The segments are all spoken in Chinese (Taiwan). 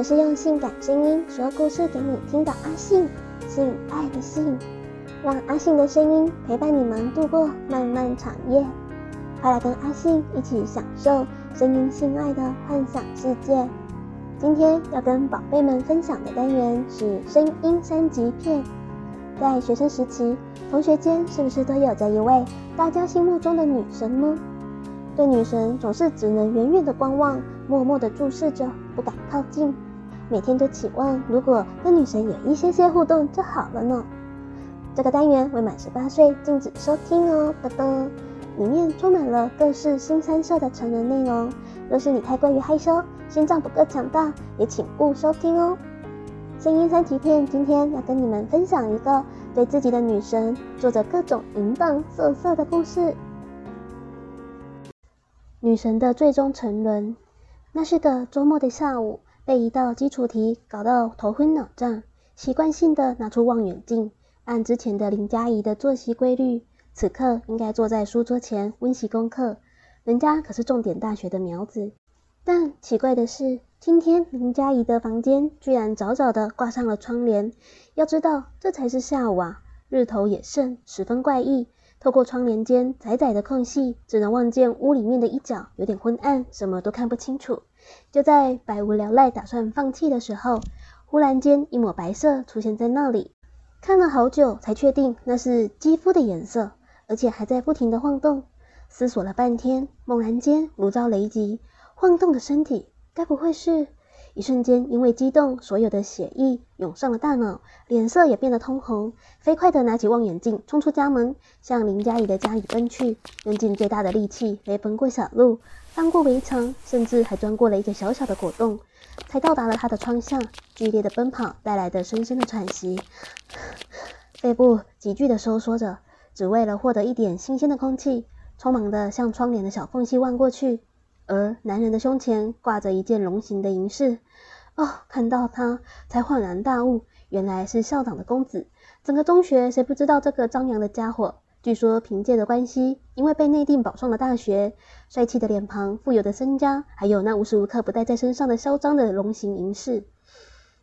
我是用性感聲音說故事給你聽的阿信，性愛的性，讓阿信的聲音陪伴你們度過漫漫長夜。快來跟阿信一起享受聲音性愛的幻想世界。今天要跟寶貝們分享的單元是聲音三級片。在學生時期，同學間是不是都有着一位大家心目中的女神呢？對女神總是只能遠遠的觀望，默默的注視着，不敢靠近。每天都祈望，如果跟女神有一些些互動就好了呢。這個單元未滿十八歲禁止收聽哦。噔噔，裡面充滿了各式腥羶色的成人內容，若是你太過於害羞，心臟不夠強大，也請勿收聽哦。聲音三級片今天要跟你們分享一個對自己的女神做着各種淫蕩色色的故事。女神的最終沉淪，那是個周末的下午。被一道基礎題搞到頭昏腦脹，習慣性的拿出望遠鏡。按之前的林佳宜的作息規律，此刻應該坐在書桌前溫習功課。人家可是重點大學的苗子。但奇怪的是，今天林佳宜的房間居然早早的掛上了窗簾。要知道，這才是下午啊，日頭也盛，十分怪異。透過窗簾間窄窄的空隙，只能望見屋裡面的一角有點昏暗，什麼都看不清楚。就在百無聊賴、打算放棄的時候，忽然間一抹白色出現在那裡，看了好久才確定那是肌膚的顏色，而且還在不停地晃動。思索了半天，猛然間如遭雷擊，晃動的身體該不會是……一瞬間因為激動，所有的血液湧上了大腦，臉色也變得通紅，飛快的拿起望遠鏡，衝出家門，向林佳怡的家裡奔去，用盡最大的力氣飛奔過小路。翻過圍牆，甚至還鑽過了一個小小的果洞，才到達了他的窗下。劇烈的奔跑帶來的深深的喘息，肺 部急劇的收縮着，只為了獲得一點新鮮的空氣。匆忙地向窗簾的小縫隙望過去，而男人的胸前掛着一件龍形的銀飾。哦，看到他才恍然大悟，原來是校長的公子。整個中學誰不知道這個張揚的家伙？據說憑借的關係，因為被內定保送了大學。帥氣的臉龐，富有的身家，還有那無時無刻不戴在身上的囂張的龍形銀飾，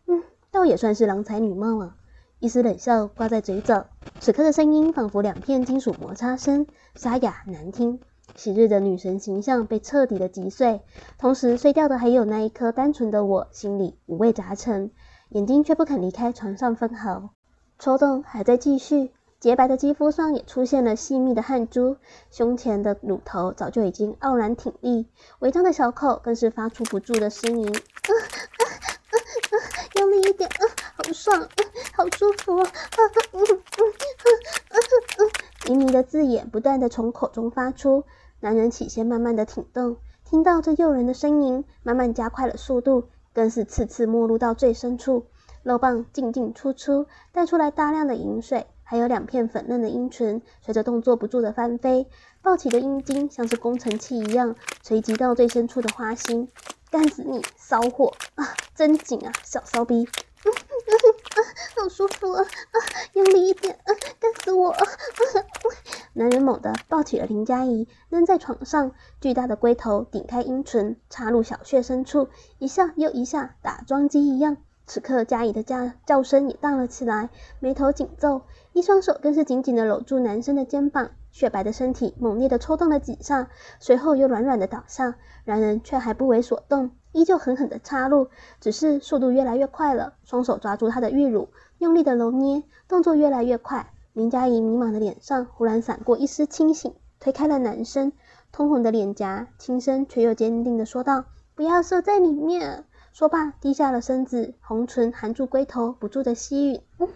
嗯，倒也算是郎才女貌了啊。一絲冷笑掛在嘴角，此刻的聲音仿佛兩片金屬摩擦聲，沙啞難聽。昔日的女神形象被徹底的擊碎，同時碎掉的還有那一顆單純的我。心裡五味雜陳，眼睛卻不肯離開床上分毫。抽動還在繼續。潔白的肌膚上也出現了細密的汗珠，胸前的乳頭早就已經傲然挺立，微張的小口更是發出不住的呻吟。嗯嗯嗯嗯，用力一點，嗯、呃、好爽、呃，好舒服啊！嗯嗯嗯嗯嗯嗯，迷迷的字眼不斷的從口中發出，男人起先慢慢的挺動，聽到這誘人的呻吟，慢慢加快了速度，更是次次沒入到最深處，肉棒進進出出，帶出來大量的淫水。還有兩片粉嫩的櫻唇，隨着動作不住的翻飛，抱起的陰莖像是攻城器一樣，錘擊到最深處的花心，幹死你騷貨啊！真緊啊，小騷逼，嗯嗯嗯，嗯，好舒服啊啊，用力一點，嗯、啊，幹死我、啊嗯！男人猛地抱起了林佳怡，扔在床上，巨大的龜頭頂開陰唇，插入小穴深處，一下又一下，打樁機一樣。此刻，佳怡的叫叫聲也蕩了起來，眉頭緊皺，一雙手更是緊緊的摟住男生的肩膀，雪白的身體猛烈的抽動了幾下，隨後又軟軟的倒下。男人卻還不為所動，依舊狠狠的插入，只是速度越來越快了。雙手抓住他的玉乳，用力的揉捏，動作越來越快。林佳怡迷茫的臉上忽然閃過一絲清醒，推開了男生，通紅的臉頰，輕聲卻又堅定的說道：“不要射在裡面，啊。”說罷，低下了身子，紅唇含住龜頭，不住的吸吮。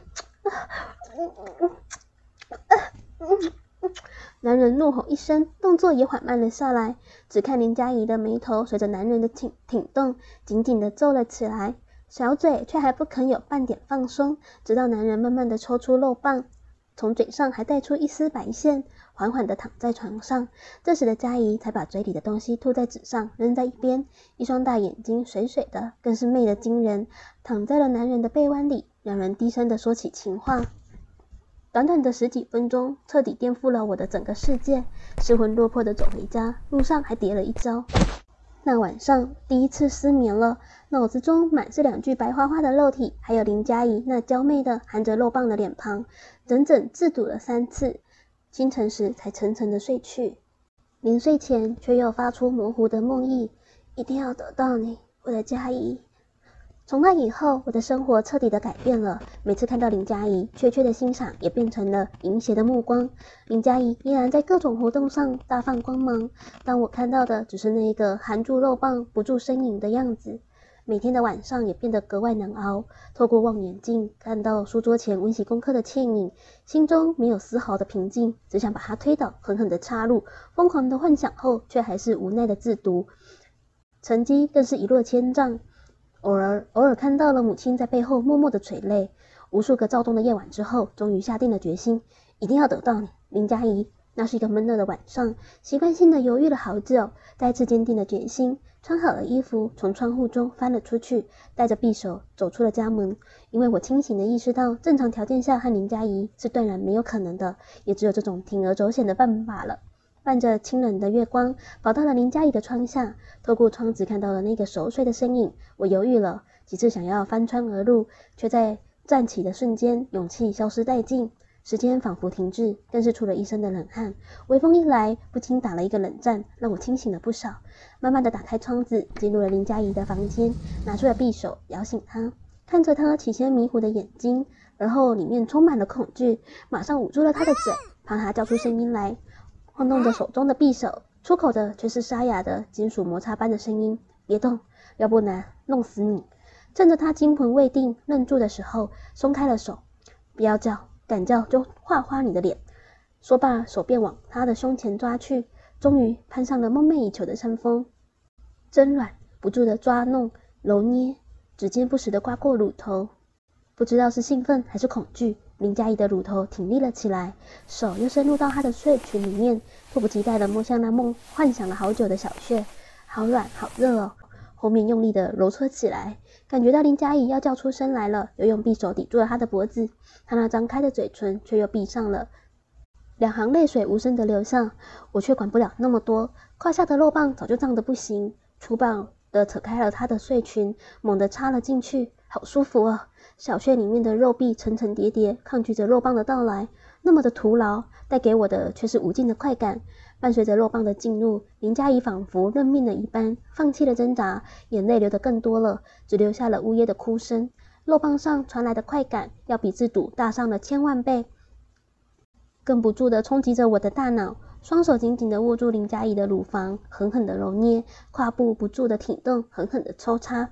男人怒吼一聲，動作也緩慢了下來。只看林佳怡的眉頭隨着男人的挺挺動，緊緊的皺了起來，小嘴卻還不肯有半點放鬆，直到男人慢慢的抽出肉棒，從嘴上還帶出一絲白線。緩緩地躺在床上，這時的佳怡才把嘴裡的東西吐在紙上，扔在一邊。一雙大眼睛水水的，更是媚得驚人，躺在了男人的被窩裡，兩人低聲地說起情話。短短的十幾分鐘，徹底顛覆了我的整個世界。失魂落魄地走回家，路上還跌了一跤。那晚上第一次失眠了，腦子中滿是兩具白花花的肉體，還有林佳怡那嬌媚的含着肉棒的臉龐，整整自瀆了三次。清晨時才沉沉的睡去，臨睡前卻又發出模糊的夢囈：“一定要得到你，我的佳怡。”從那以後，我的生活徹底的改變了。每次看到林佳怡，怯怯的欣賞也變成了淫邪的目光。林佳怡依然在各種活動上大放光芒，但我看到的只是那一個含住肉棒、不住呻吟的樣子。每天的晚上也變得格外難熬。透過望遠鏡看到書桌前溫習功課的倩影，心中沒有絲毫的平靜，只想把它推倒，狠狠地插入。瘋狂的幻想後，卻還是無奈的自讀，成績更是一落千丈。偶爾偶爾看到了母親在背後默默的垂淚。無數個躁動的夜晚之後，終於下定了決心，一定要得到你，林佳怡。那是一個悶熱的晚上，習慣性的猶豫了好久，再次堅定了決心，穿好了衣服，從窗戶中翻了出去，帶着匕首走出了家門。因為我清醒的意識到，正常條件下和林佳宜是斷然沒有可能的，也只有這種鋌而走險的辦法了。伴着清冷的月光，跑到了林佳宜的窗下，透過窗子看到了那個熟睡的身影。我猶豫了幾次，想要翻窗而入，卻在站起的瞬間，勇氣消失殆盡。時間仿佛停滯，更是出了一身的冷汗。微風一來，不禁打了一個冷戰，讓我清醒了不少。慢慢的打開窗子，進入了林佳怡的房間，拿出了匕首，搖醒她，看着她起先迷糊的眼睛，而後裡面充滿了恐懼，馬上捂住了她的嘴，怕她叫出聲音來。晃動着手中的匕首，出口的卻是沙啞的金屬摩擦般的聲音：“別動，要不然弄死你！”趁着他驚魂未定、愣住的時候，鬆開了手：“不要叫。”敢叫就畫花你的臉！說罷，手便往他的胸前抓去，終於攀上了夢寐以求的山峰。真軟，不住的抓弄、揉捏，指尖不時的刮過乳頭。不知道是興奮還是恐懼，林佳怡的乳頭挺立了起來。手又伸入到她的睡裙裡面，迫不及待的摸向那夢幻想了好久的小穴。好軟，好熱哦。後面用力地揉搓起來，感覺到林佳怡要叫出聲來了，又用匕首抵住了她的脖子，她那張開的嘴唇卻又閉上了，兩行淚水無聲的流下。我卻管不了那麼多，胯下的肉棒早就脹得不行，粗暴的扯開了她的睡裙，猛地插了進去，好舒服啊！小穴裡面的肉壁層層疊疊，抗拒着肉棒的到來，那麼的徒勞，帶給我的卻是無盡的快感。伴隨着肉棒的進入，林佳怡仿佛認命了一般，放棄了掙扎，眼淚流得更多了，只留下了嗚咽的哭聲。肉棒上傳來的快感要比自瀆大上了千萬倍，更不住的衝擊着我的大腦。雙手緊緊地握住林佳怡的乳房，狠狠地揉捏，胯部不住地挺動，狠狠地抽插。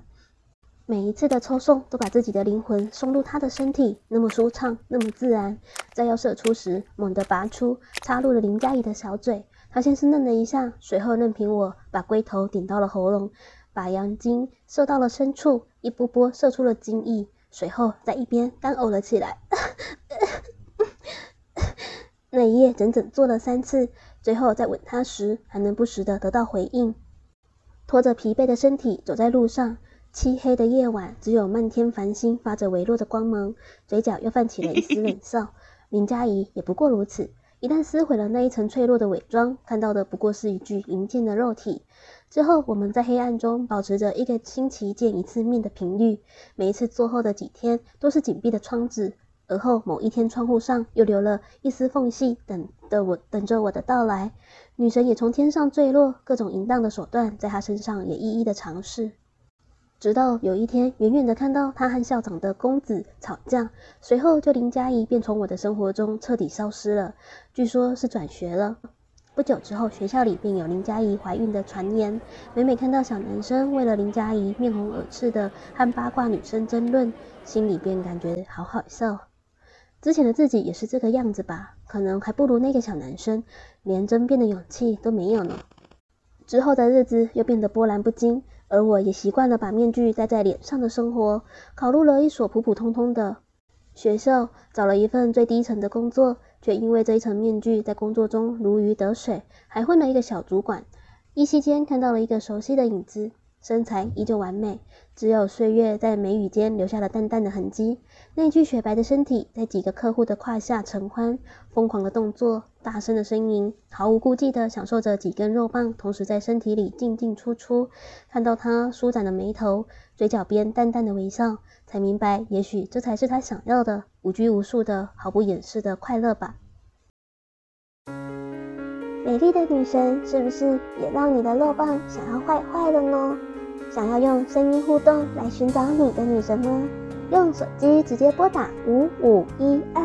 每一次的抽送都把自己的靈魂送入她的身體，那麼舒暢，那麼自然。在要射出時，猛地拔出，插入了林佳怡的小嘴。他先是愣了一下，隨後任憑我把龜頭頂到了喉嚨，把陽精射到了深處，一波波射出了精液，隨後在一邊乾嘔了起來。 那一夜整整做了三次，最後在吻他時還能不時的得到回應。拖着疲憊的身體走在路上，漆黑的夜晚只有漫天繁星發着微弱的光芒，嘴角又泛起了一絲冷笑。林佳怡也不過如此。一旦撕毀了那一層脆弱的偽裝，看到的不過是一具淫賤的肉體。之後，我們在黑暗中保持着一個星期見一次面的頻率，每一次做後的幾天都是緊閉的窗子。而後某一天，窗戶上又留了一絲縫隙等，等的我等着我的到來。女神也從天上墜落，各種淫蕩的手段在她身上也一一的嘗試。直到有一天，遠遠的看到她和校長的公子吵架，隨後就林佳怡便從我的生活中徹底消失了，據說，是轉學了。不久之後，學校裡便有林佳怡懷孕的傳言。每每看到小男生為了林佳怡面紅耳赤的和八卦女生爭論，心裡便感覺好好笑。之前的自己也是這個樣子吧，可能還不如那個小男生，連爭辯的勇氣都沒有呢。之後的日子又變得波瀾不驚。而我也習慣了把面具戴在臉上的生活，考入了一所普普通通的學校，找了一份最低層的工作，卻因為這一層面具在工作中如魚得水，還混了一個小主管，一夕間看到了一個熟悉的影子。身材依舊完美，只有歲月在眉宇間留下了淡淡的痕迹。那具雪白的身體在幾個客戶的胯下承歡，瘋狂的動作，大聲的呻吟，毫無顧忌的享受着幾根肉棒同時在身體裡進進出出。看到她舒展的眉頭，嘴角邊淡淡的微笑，才明白，也許這才是她想要的，無拘無束的、毫不掩飾的快樂吧。美麗的女神，是不是也讓你的肉棒想要壞壞了呢？想要用聲音互動來尋找你的女神嗎？用手機直接撥打五五一二，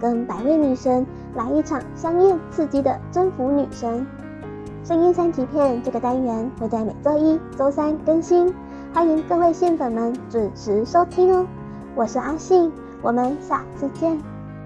跟百位女神來一場香艷刺激的征服女神。聲音三級片這個單元會在每周一、周三更新，歡迎各位性粉們準時收聽哦。我是阿信，我們下次見。